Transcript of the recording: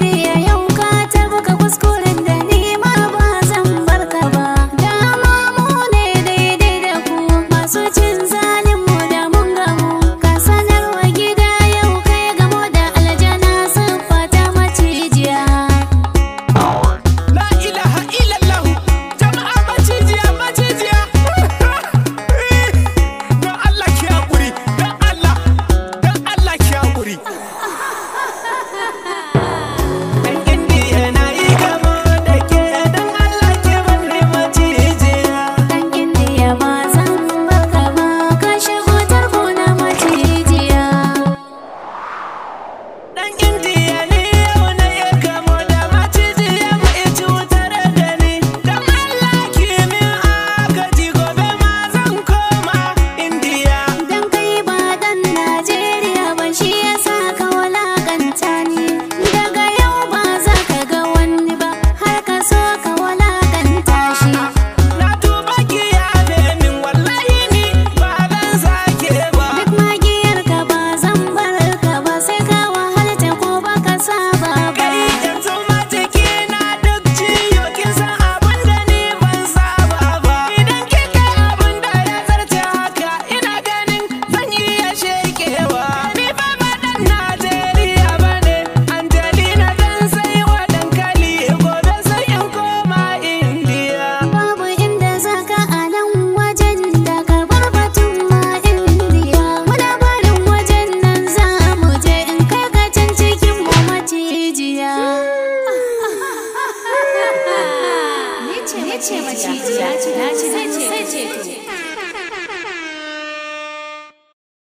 indiya yau ka tabbaka kuskuren da 切切嘛，切切，切切切切。